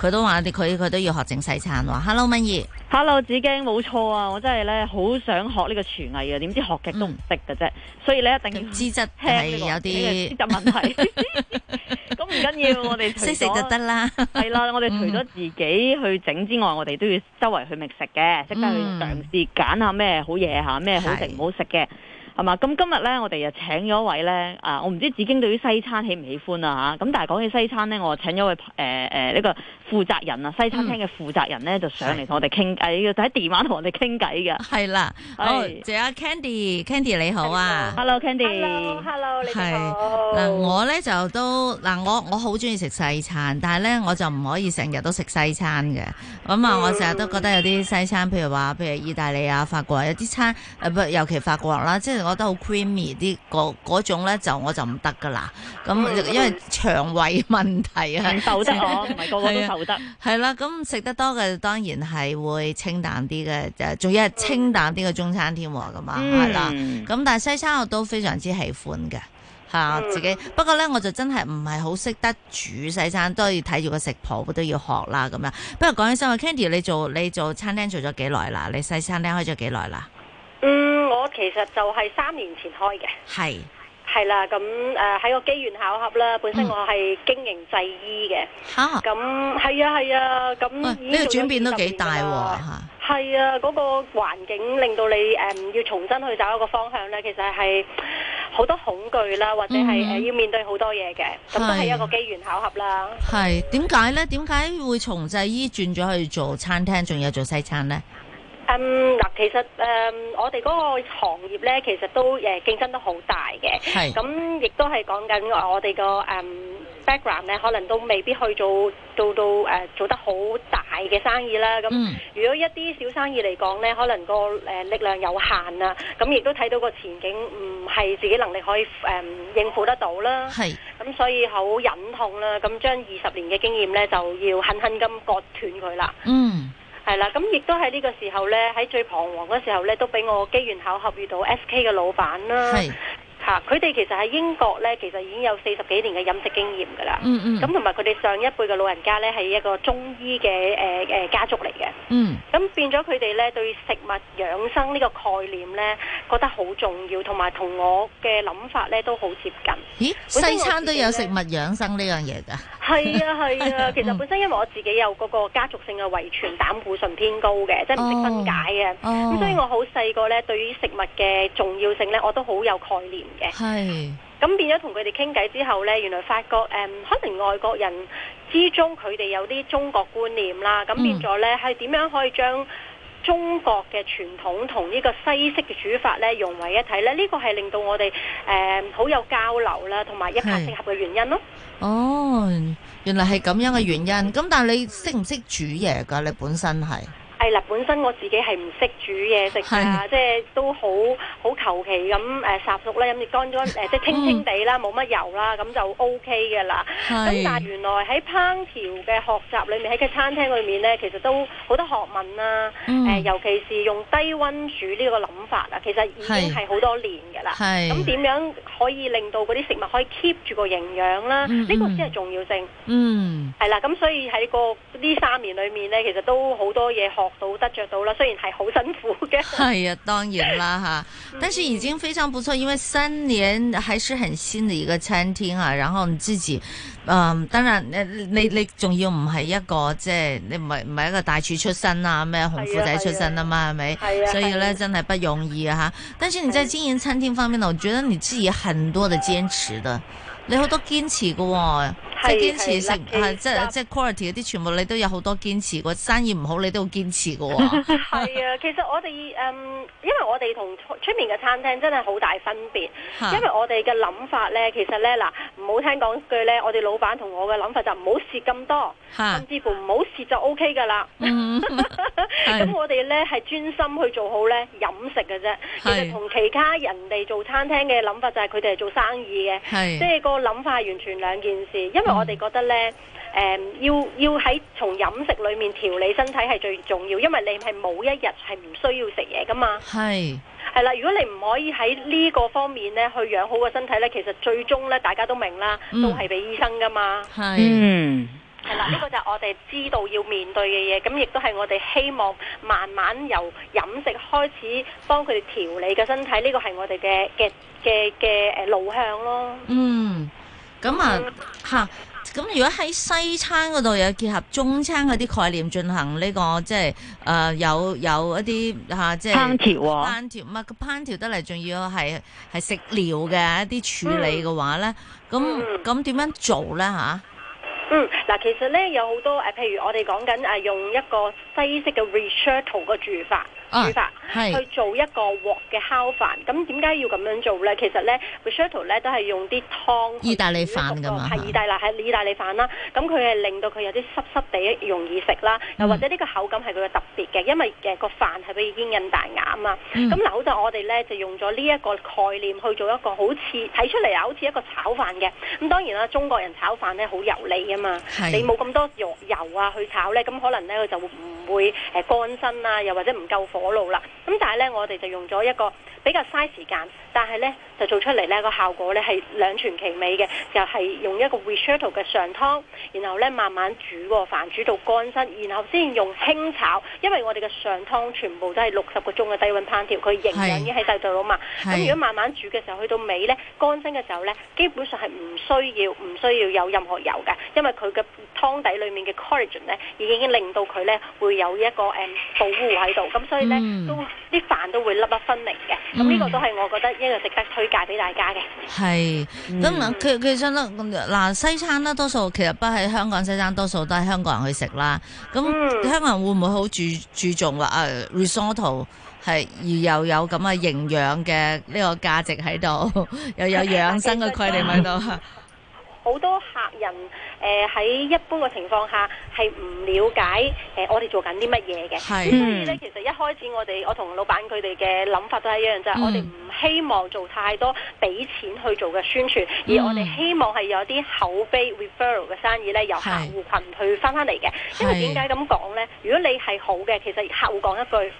佢都話啲佢佢都要學整西餐，話 Hello 敏儀，Hello 紫荊，冇錯啊！我真係咧好想學呢個廚藝啊。點知學極都唔識㗎啫，嗯、所以咧一定要資質係有啲資質問題，咁唔緊要，我哋識食就得啦。係啦，我哋除咗自己去整之外，嗯、我哋都要周圍去覓食嘅，即係去嘗試揀下咩好嘢吓，咩好，是好食唔好食嘅。咁今日咧，我哋又請咗一位咧，啊，我唔知紫荊對於西餐喜唔喜歡啊嚇。咁但係講起西餐咧，我請咗位誒誒呢個負責人啊，西餐廳嘅負責人咧就上嚟同我哋傾偈，就喺電話同我哋傾偈嘅。係啦，哦，謝阿 Candy，Candy 你好啊，Hello Candy，Hello 你好。嗱，我咧就都嗱，我我好中意食西餐，但係咧我就唔可以成日都食西餐嘅。咁啊，我成日都覺得有啲西餐，譬如話譬如意大利啊、法國啊，有啲餐，尤其法國啦，即係覺得好 creamy 啲，嗰種咧就我就唔得噶啦。咁、嗯、因為腸胃問題啊，受得唔係 個個都受得。係啦，咁食得多嘅當然係會清淡啲嘅，就仲要係清淡啲嘅中餐添㗎嘛，係啦、嗯。咁但係西餐我都非常之喜歡嘅嚇，嗯、自己不過咧我就真係唔係好識得煮西餐，都要睇住個食譜都要學啦咁樣。不過講起新聞，Candy 你做你做，你做餐廳做咗幾耐啦？你西餐廳開咗幾耐啦？嗯其實就係三年前開嘅，係係啦，咁誒喺個機緣巧合啦，本身我係經營製衣嘅，吓咁係啊係啊，咁呢個轉變都幾大喎吓，係啊，嗰個環境令到你誒、呃、要重新去找一個方向咧，其實係好多恐懼啦，或者係誒要面對好多嘢嘅，咁、嗯、都係一個機緣巧合啦。係點解咧？點解會從製衣轉咗去做餐廳，仲有做西餐咧？嗯，嗱，其實誒，um, 我哋嗰個行業咧，其實都誒競爭都好大嘅。係。咁亦都係講緊我哋個誒 background 咧，可能都未必去做到到誒做得好大嘅生意啦。嗯。如果一啲小生意嚟講咧，可能個誒力量有限啊，咁亦都睇到個前景唔係自己能力可以誒應付得到啦。係。咁所以好忍痛啦，咁將二十年嘅經驗咧，就要狠狠咁割斷佢啦。嗯。係啦，咁亦都喺呢個時候咧，喺最彷徨嗰時候咧，都俾我機緣巧合遇到 SK 嘅老闆啦。佢哋 其實喺英國咧，其實已經有四十幾年嘅飲食經驗㗎啦。嗯嗯。咁同埋佢哋上一輩嘅老人家咧，係一個中醫嘅誒誒家族嚟嘅。咁、嗯、變咗佢哋咧對食物養生呢個概念咧，覺得好重要，同埋同我嘅諗法咧都好接近。咦？西餐來都有食物養生呢樣嘢㗎？係啊係啊，嗯啊啊嗯、其實本身因為我自己有嗰個家族性嘅遺傳膽固醇偏高嘅，即係唔識分解嘅。咁所以我好細個咧，對於食物嘅重要性咧，我都好有概念。係，咁是變咗同佢哋傾偈之後呢，原來發覺誒、呃，可能外國人之中佢哋有啲中國觀念啦，咁變咗呢，係點、嗯、樣可以將中國嘅傳統同呢個西式嘅煮法呢融為一體呢？呢、這個係令到我哋誒好有交流啦，同埋一拍即合嘅原因咯。哦，原來係咁樣嘅原因。咁、嗯、但係你識唔識煮嘢噶？你本身係？係啦，本身我自己係唔識煮嘢食㗎是、呃，即係都好好求其咁誒，熟，燴咧，飲啲乾咗誒，即係清清地啦，冇乜、嗯、油啦，咁就 O K 嘅啦。咁是但係原來喺烹調嘅學習裏面，喺餐廳裏面咧，其實都好多學問啦、啊，誒、嗯呃，尤其是用低溫煮呢個諗法啊，其實已經係好多年嘅啦。咁點樣可以令到嗰啲食物可以 keep 住個營養啦？呢、嗯嗯、個先係重要性。嗯，係啦、嗯，咁所以喺個呢三年裏面咧，其實都好多嘢學。到得着到啦，雖然係好辛苦嘅。係 啊，當然啦吓，但是已經非常不錯，因為三年還是很新的一個餐廳啊。然後你自己，嗯、呃，當然你你你仲要唔係一個即係你唔係唔係一個大廚出身啊咩紅褲仔出身啊嘛，係咪？啊，啊啊啊、所以咧真係不容易啊。吓，但是你在經營餐廳方面呢，啊、我覺得你自己很多嘅堅持的。你好多堅持嘅喎，即係堅持食，即係即係 quality 嗰啲，全部你都有好多堅持嘅。生意唔好，你都好堅持嘅喎。係啊，其實我哋嗯，因為我哋同出面嘅餐廳真係好大分別，因為我哋嘅諗法咧，其實咧嗱，唔好聽講句咧，我哋老闆同我嘅諗法就唔好蝕咁多，甚至乎唔好蝕就 OK 嘅啦。咁我哋咧係專心去做好咧飲食嘅啫，其實同其他人哋做餐廳嘅諗法就係佢哋係做生意嘅，即係個諗法係完全兩件事，因為我哋覺得呢，誒、嗯，要要喺從飲食裏面調理身體係最重要，因為你係冇一日係唔需要食嘢噶嘛係係是啦，如果你唔可以喺呢個方面呢去養好個身體呢，其實最終呢大家都明啦，嗯、都係俾醫生噶嘛。係是嗯。係啦，呢、這個就係我哋知道要面對嘅嘢，咁亦都係我哋希望慢慢由飲食開始幫佢哋調理嘅身體，呢個係我哋嘅嘅嘅嘅誒路向咯。嗯，咁啊吓，咁、嗯啊、如果喺西餐嗰度有結合中餐嗰啲概念進行呢、這個，即係誒有有一啲吓即係烹調、啊嗯，烹調唔係個烹調得嚟，仲要係係食療嘅一啲處理嘅話咧，咁咁點樣做咧吓？啊嗯，嗱，其實咧有好多誒、啊，譬如我哋講緊誒用一個西式嘅 research 圖嘅做法。煮法、啊、去做一個鑊嘅烤飯，咁點解要咁樣做呢？其實呢，Shuttle 咧都係用啲湯煮意大利飯㗎，係意大利，係意大利飯啦。咁佢係令到佢有啲濕濕地容易食啦，嗯、又或者呢個口感係佢嘅特別嘅，因為嘅個飯係佢已經印大眼啊嘛。咁嗱、嗯，好在我哋呢就用咗呢一個概念去做一個好似睇出嚟啊，好似一個炒飯嘅。咁當然啦，中國人炒飯呢好油膩啊嘛，是你冇咁多肉油啊去炒呢，咁可能呢，佢就唔會誒乾身啊，又或者唔夠火。火爐啦，咁但係咧，我哋就用咗一個比較嘥時間，但係咧就做出嚟咧、那個效果咧係兩全其美嘅，就係、是、用一個 vegetable 嘅上湯，然後咧慢慢煮個、哦、飯，煮到乾身，然後先用輕炒，因為我哋嘅上湯全部都係六十個鐘嘅低溫烹調，佢營養已經喺曬度啦嘛。咁是如果慢慢煮嘅時候，去到尾咧乾身嘅時候咧，基本上係唔需要唔需要有任何油嘅，因為佢嘅湯底裡面嘅 collagen 咧已經令到佢咧會有一個誒、嗯、保護喺度，咁所以。 嗯嗯、都啲飯都會粒粒分明嘅，咁、這、呢個都係我覺得一個值得推介俾大家嘅。係是，咁嗱、嗯，西餐咧，多數其實不喺香港西餐多數都係香港人去食啦。咁香港人會唔會好注注重話誒、啊、risotto 係而又有咁嘅營養嘅呢個價值喺度，又有養生嘅概念喺度？嗯 好多客人誒喺、呃、一般嘅情況下係唔了解誒、呃、我哋做緊啲乜嘢嘅，是所以咧其實一開始我哋我同老闆佢哋嘅諗法都係一樣，就係、是、我哋唔希望做太多俾錢去做嘅宣傳，而我哋希望係有啲口碑 referral 嘅生意咧由客戶群去翻翻嚟嘅。是因為點解咁講咧？如果你係好嘅，其實客戶講一句。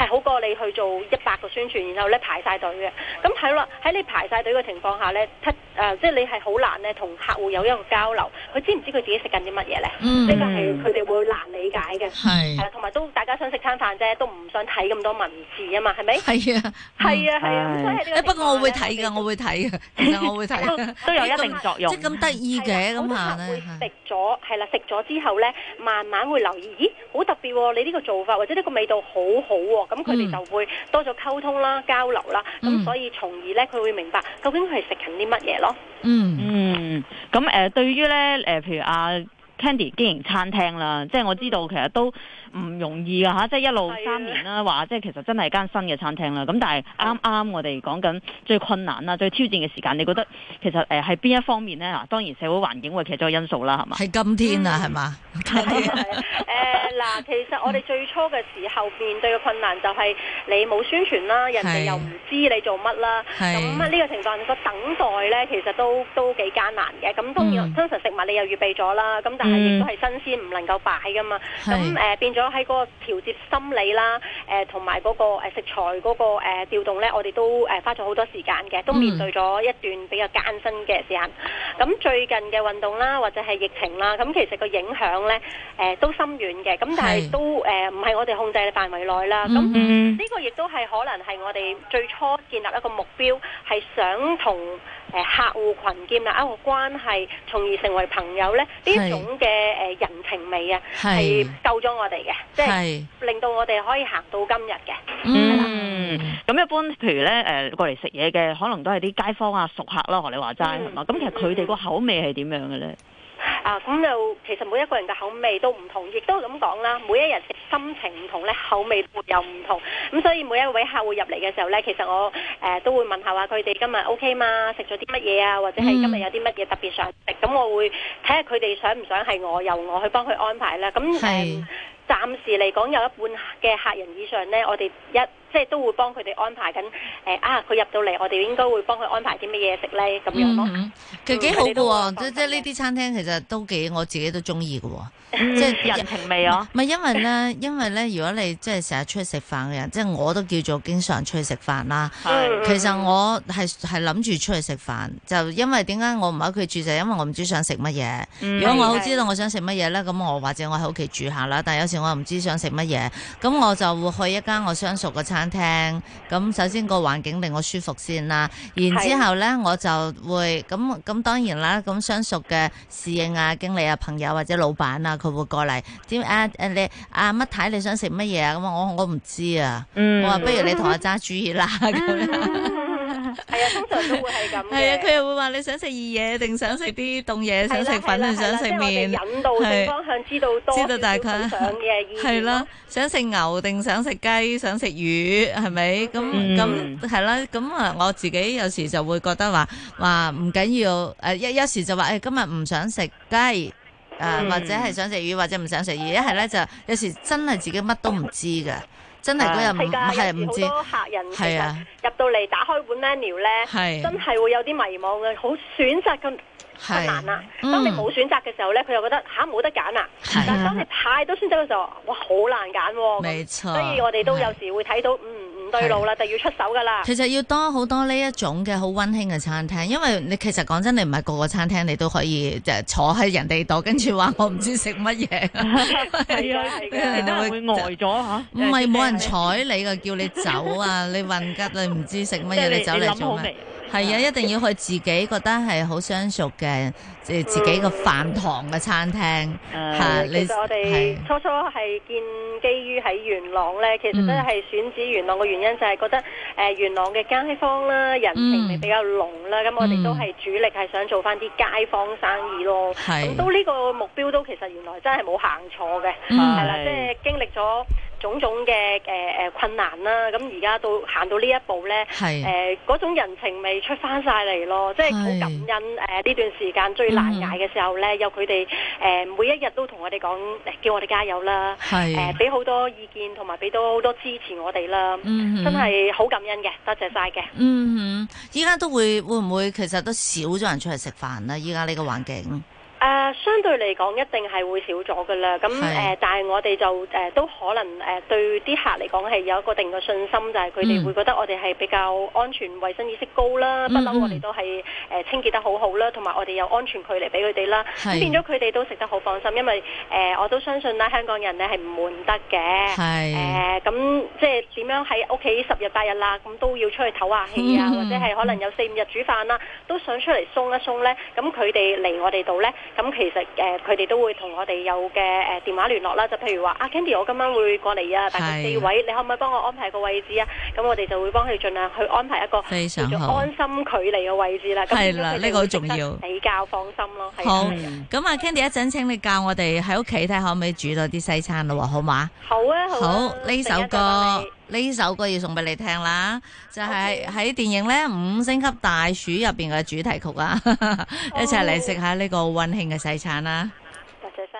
係好過你去做一百個宣傳，然後咧排晒隊嘅。咁睇落喺你排晒隊嘅情況下咧，誒即係你係好難咧同客戶有一個交流。佢知唔知佢自己食緊啲乜嘢咧？呢個係佢哋會難理解嘅。係，同埋都大家想食餐飯啫，都唔想睇咁多文字啊嘛，係咪？係啊，係啊，係啊。誒不過我會睇㗎，我會睇㗎，其實我會睇。都都有一定作用。即係咁得意嘅咁客咧。會食咗係啦，食咗之後咧，慢慢會留意。咦，好特別喎！你呢個做法或者呢個味道好好喎！咁佢哋就會多咗溝通啦、交流啦，咁、嗯嗯、所以從而咧，佢會明白究竟佢係食緊啲乜嘢咯。嗯嗯，咁誒、呃、對於咧誒、呃，譬如阿、啊、Candy 經營餐廳啦，即係我知道其實都唔容易嘅嚇、啊，即係一路三年啦，話即係其實真係間新嘅餐廳啦。咁但係啱啱我哋講緊最困難啦、最挑戰嘅時間，你覺得其實誒係邊一方面咧嚇？當然社會環境會其中一個因素啦，係嘛？係今天啊，係嘛、嗯？誒。 嗱，其實我哋最初嘅時候面對嘅困難就係你冇宣傳啦，是人哋又唔知你做乜啦。咁啊是，呢個情況個是等待呢，其實都都幾艱難嘅。咁當然通常、嗯、食物你又預備咗啦，咁但係亦都係新鮮，唔能夠擺㗎嘛。咁誒、嗯呃、變咗喺嗰個調節心理啦，誒同埋嗰個食材嗰、嗰個誒、呃、調動呢，我哋都誒、呃、花咗好多時間嘅，都面對咗一段比較艱辛嘅時間。咁、嗯、最近嘅運動啦，或者係疫情啦，咁其實個影響呢，誒、呃、都深遠嘅。咁、嗯咁是但係都誒唔係我哋控制嘅範圍內啦。咁呢、嗯、個亦都係可能係我哋最初建立一個目標，係想同誒客戶群建立一個關係，從而成為朋友咧。呢是種嘅誒人情味啊，係是救咗我哋嘅，是即係令到我哋可以行到今日嘅。嗯，咁吧、嗯、一般譬如咧誒、呃、過嚟食嘢嘅，可能都係啲街坊啊、熟客啦，同你話齋係嘛。咁、嗯、其實佢哋個口味係點樣嘅咧？啊，咁又其實每一個人嘅口味都唔同，亦都咁講啦。每一人心情唔同咧，口味又唔同。咁所以每一位客戶入嚟嘅時候咧，其實我誒、呃、都會問下佢哋今日 O K 嘛，食咗啲乜嘢啊，或者係今日有啲乜嘢特別想食。咁、嗯、我會睇下佢哋想唔想係我由我去幫佢安排啦。咁誒，是暫時嚟講有一半嘅客人以上咧，我哋一。即係都會幫佢哋安排緊，誒、呃、啊！佢入到嚟，我哋應該會幫佢安排啲乜嘢食咧，咁樣咯。嗯、其實幾好嘅喎，即係呢啲餐廳其實都幾，我自己都中意嘅喎。嗯、即係人情味呵。咪因為咧，因為咧，如果你即係成日出去食飯嘅人，即係我都叫做經常出去食飯啦。其實我係係諗住出去食飯，就因為點解我唔喺屋企住就因為我唔知想食乜嘢。嗯、如果我好知道我想食乜嘢咧，咁我或者我喺屋企住下啦。但係有時我又唔知想食乜嘢，咁我就會去一間我相熟嘅餐餐廳，咁首先個環境令我舒服先啦，然之後咧，我就會咁咁，當然啦，咁相熟嘅侍應啊、經理啊、朋友、啊、或者老闆啊，佢會過嚟。點啊？誒，你阿乜、啊、太，太你想食乜嘢啊？咁我我唔知啊。我話不、啊嗯、不如你同阿揸主意啦。嗯 係 啊，通常都會係咁係啊，佢又會話你想食熱嘢定想食啲凍嘢，啊啊、想食粉定想食麵。係啦、啊，係啦、啊，即係我哋引導嘅方向，知道知道大概。係啦、啊啊，想食牛定想食雞，想食魚，係咪、嗯？咁咁係啦，咁啊，我自己有時就會覺得話，話唔緊要。誒，一一時就話，誒、哎，今日唔想食雞，誒、嗯啊，或者係想食魚，或者唔想食魚。一係咧，就有時真係自己乜都唔知㗎。真係嗰日，有時好多客人其實入到嚟打開本 menu 咧，啊、真係會有啲迷惘嘅。好選擇咁難，嗯、擇啊！啊當你冇選擇嘅時候咧，佢又覺得吓，冇得揀啊！但係當你太多選擇嘅時候，哇，好難揀，所以我哋都有時會睇到的嗯。對路啦，就要出手㗎喇。其實要多好多呢一種嘅好溫馨嘅餐廳，因為你其實講真，你唔係個個餐廳你都可以即係坐喺人哋度，跟住話我唔知食乜嘢。係啊， 你真係會呆咗吓。唔係冇人睬你嘅，叫你走啊！ 你混吉你唔知食乜嘢，你， 你走嚟做乜？係啊， 一定要去自己覺得係好相熟嘅。即係自己個飯堂嘅餐廳吓，其實我哋是初初係建基於喺元朗咧，嗯、其實都係選址元朗嘅原因就係覺得誒元朗嘅街坊啦，人情味比較濃啦，咁、嗯、我哋都係主力係想做翻啲街坊生意咯。係是，都呢個目標都其實原來真係冇行錯嘅，係啦、嗯，即係是、就是、經歷咗。種種嘅誒誒困難啦，咁而家到行到呢一步咧，誒嗰是、呃、種人情味出翻晒嚟咯，是即係好感恩誒呢、呃、段時間最難捱嘅時候咧，有佢哋誒每一日都同我哋講叫我哋加油啦，誒俾好多意見同埋俾到好多支持我哋啦，嗯、哼真係好感恩嘅，多謝晒嘅。嗯，依家都會會唔會其實都少咗人出嚟食飯啦？依家呢個環境。誒，uh, 相對嚟講，一定係會少咗噶啦。咁誒是、呃，但係我哋就誒、呃、都可能誒、呃、對啲客嚟講係有一個定個信心，就係佢哋會覺得我哋係比較安全、衞生意識高啦。不嬲、嗯，我哋都係誒、呃、清潔得好好啦，同埋我哋有安全距離俾佢哋啦。咁變咗佢哋都食得好放心，因為誒、呃、我都相信啦，香港人咧係唔悶得嘅。係誒咁，即係點樣喺屋企十日八日啦，咁都要出去唞下氣啊，嗯、或者係可能有四五日煮飯啦，都想出嚟鬆一鬆咧。咁佢哋嚟我哋度咧。咁其實誒，佢、呃、哋都會同我哋有嘅誒、呃、電話聯絡啦，就譬如話啊，Candy，我今晚會過嚟啊，大概四位，你可唔可以幫我安排個位置啊？咁我哋就會幫佢盡量去安排一個非常安心距離嘅位置啦。係啦的，呢個好重要，比較放心咯。的好，咁啊，Candy 一陣請你教我哋喺屋企睇下可唔可以煮到啲西餐咯，好嗎？的好啊，好啊。呢好首歌，呢首歌要送俾你聽啦，就係、是、喺電影咧五星級大鼠入邊嘅主題曲啊！ 好一齊嚟食下呢個溫馨嘅西餐啦～